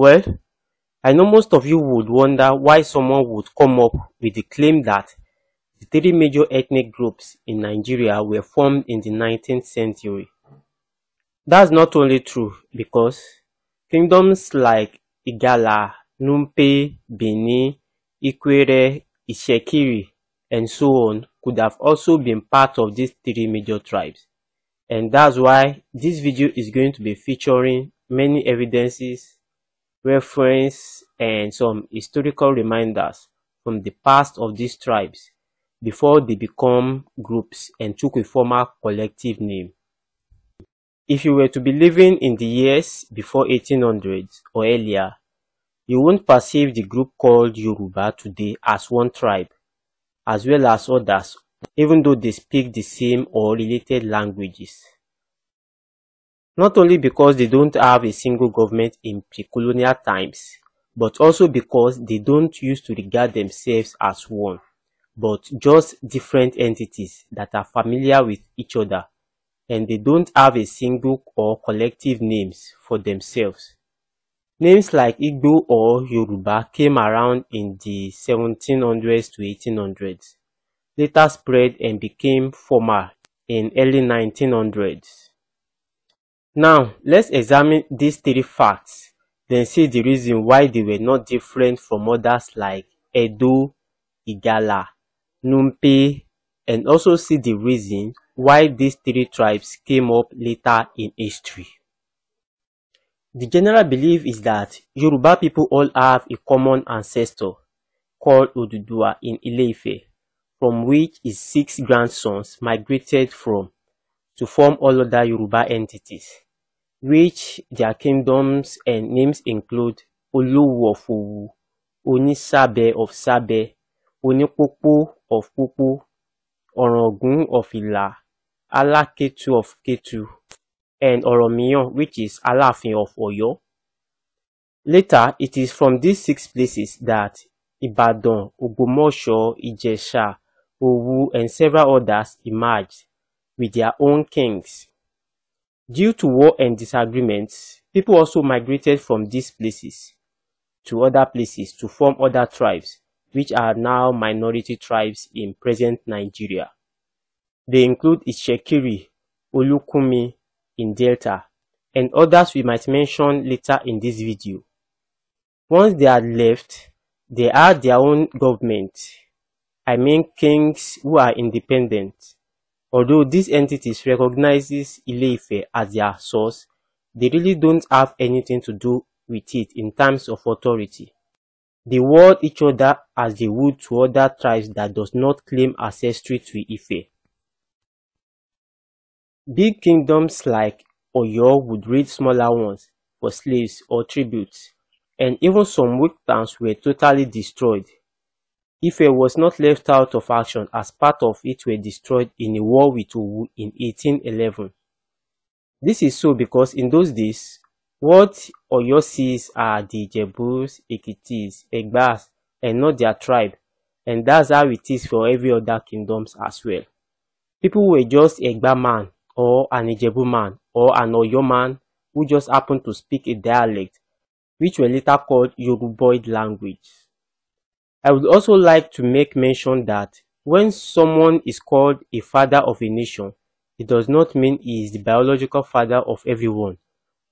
Well, I know most of you would wonder why someone would come up with the claim that the three major ethnic groups in Nigeria were formed in the 19th century. That's not only true because kingdoms like Igala, Numpe, Bini, Ikwere, Ishekiri, and so on could have also been part of these three major tribes. And that's why this video is going to be featuring many evidences Reference and some historical reminders from the past of these tribes before they become groups and took a formal collective name. If you were to be living in the years before 1800s or earlier, you won't perceive the group called Yoruba today as one tribe, as well as others, even though they speak the same or related languages not only because they don't have a single government in pre-colonial times, but also because they don't used to regard themselves as one, but just different entities that are familiar with each other, and they don't have a single or collective names for themselves. Names like Igbo or Yoruba came around in the 1700s to 1800s, later spread and became formal in early 1900s. Now, let's examine these three facts, then see the reason why they were not different from others like Edo, Igala, Numpe, and also see the reason why these three tribes came up later in history. The general belief is that Yoruba people all have a common ancestor called Odudua in Ileife, from which his six grandsons migrated from to form all other Yoruba entities, which their kingdoms and names include Olowu of Owu, Onisabe of Sabe, Onipopo of Popo, Orangun of Ila, Alaketu of Ketu, and Oromion, which is Alaafin of Oyo. Later, it is from these six places that Ibadan, Ogbomoso, Ijesha, Owu, and several others emerged. with their own kings. Due to war and disagreements, people also migrated from these places to other places to form other tribes, which are now minority tribes in present Nigeria. They include Ishekiri, Olukumi in Delta, and others we might mention later in this video. Once they are left, they are their own government. I mean kings who are independent. Although these entities recognizes Ile-Ife as their source, they really don't have anything to do with it in terms of authority. They ward each other as they would to other tribes that does not claim ancestry to Ife. Big kingdoms like Oyo would raid smaller ones for slaves or tributes, and even some weak towns were totally destroyed. If it was not left out of action as part of it were destroyed in a war with Owu in 1811. This is so because in those days, what Oyo sees are the Jebus, Ekitis, Egbas, and not their tribe, and that's how it is for every other kingdoms as well. People were just Egba man, or an Ijebu man, or an Oyo man, who just happened to speak a dialect, which were later called Yoruboid language. I would also like to make mention that when someone is called a father of a nation, it does not mean he is the biological father of everyone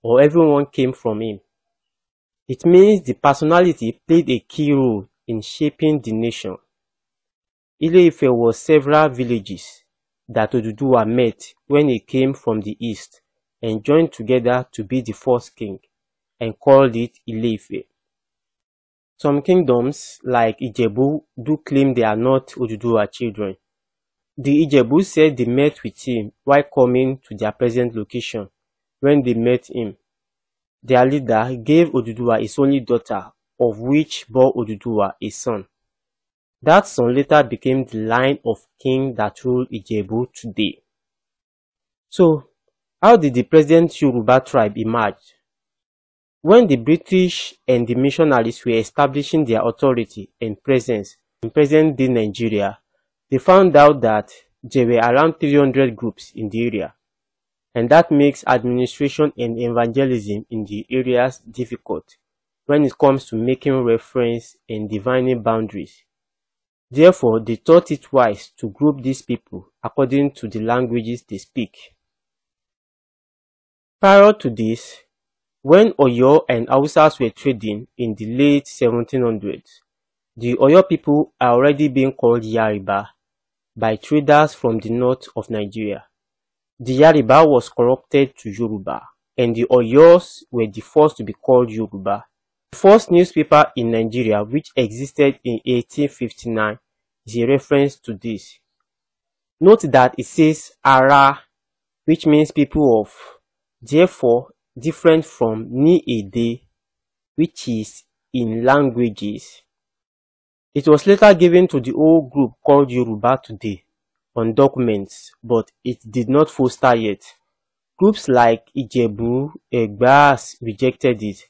or everyone came from him. It means the personality played a key role in shaping the nation. ile was several villages that Oduduwa met when he came from the east and joined together to be the first king and called it ile some kingdoms, like Ijebu, do claim they are not Oduduwa children. The Ijebu said they met with him while coming to their present location when they met him. Their leader gave Oduduwa his only daughter, of which bore Oduduwa a son. That son later became the line of king that ruled Ijebu today. So, how did the present Yoruba tribe emerge when the British and the missionaries were establishing their authority and presence in present-day Nigeria, they found out that there were around 300 groups in the area, and that makes administration and evangelism in the areas difficult when it comes to making reference and defining boundaries. Therefore, they thought it wise to group these people according to the languages they speak. Prior to this, when Oyo and Hausas were trading in the late 1700s, the Oyo people are already being called Yariba by traders from the north of Nigeria. The Yariba was corrupted to Yoruba, and the Oyos were the first to be called Yoruba. The first newspaper in Nigeria which existed in 1859 is a reference to this. Note that it says Ara, which means people of. Therefore, different from Ni-Ede, which is in languages. It was later given to the old group called Yoruba today on documents, but it did not foster yet. Groups like Ijebu, Egbas rejected it,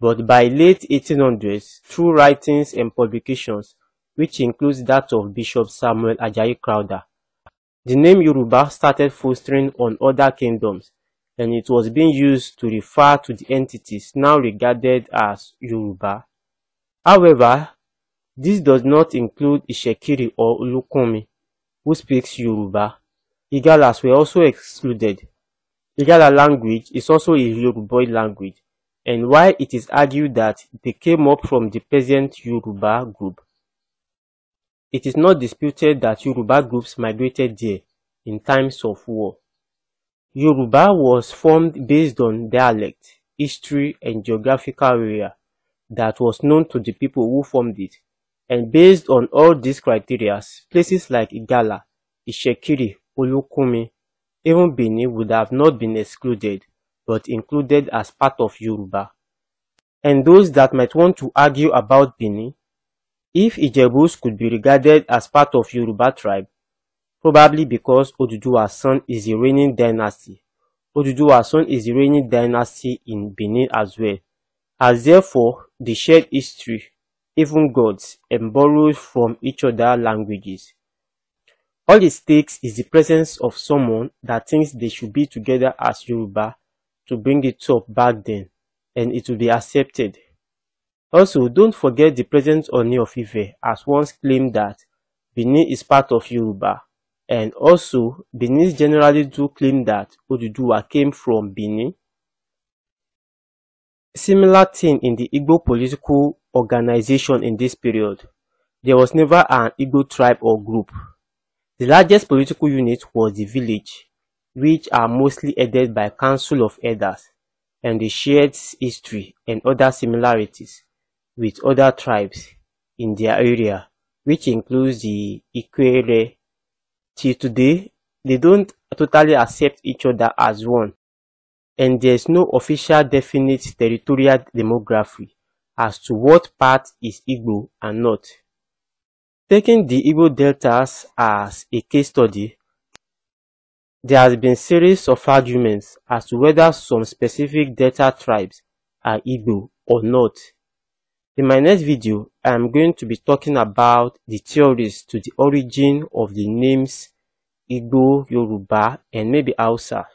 but by late 1800s, through writings and publications, which includes that of Bishop Samuel Ajayi Crowder, the name Yoruba started fostering on other kingdoms and it was being used to refer to the entities now regarded as Yoruba. However, this does not include Ishekiri or Ulukomi, who speaks Yoruba. Igalas were also excluded. Igala language is also a Yoruboid language, and while it is argued that they came up from the peasant Yoruba group, it is not disputed that Yoruba groups migrated there in times of war. Yoruba was formed based on dialect, history and geographical area that was known to the people who formed it. And based on all these criteria, places like Igala, Ishekiri, Olukumi, even Benin would have not been excluded, but included as part of Yoruba. And those that might want to argue about Benin, if Ijebus could be regarded as part of Yoruba tribe, probably because Oduduwa's son is the reigning dynasty. Oduduwa's son is the reigning dynasty in Benin as well, as therefore the shared history, even gods, and borrows from each other languages. All it takes is the presence of someone that thinks they should be together as Yoruba to bring it up back then, and it will be accepted. Also, don't forget the presence of Neofife as once claimed that Benin is part of Yoruba. And also, Benin's generally do claim that Oduduwa came from Benin. Similar thing in the Igbo political organization in this period. There was never an Igbo tribe or group. The largest political unit was the village, which are mostly headed by council of elders, and they shared history and other similarities with other tribes in their area, which includes the Ikwere Till today, they don't totally accept each other as one, and there's no official definite territorial demography as to what part is Igbo and not. Taking the Igbo deltas as a case study, there has been series of arguments as to whether some specific delta tribes are Igbo or not. In my next video, I am going to be talking about the theories to the origin of the names Igbo, Yoruba, and maybe Hausa.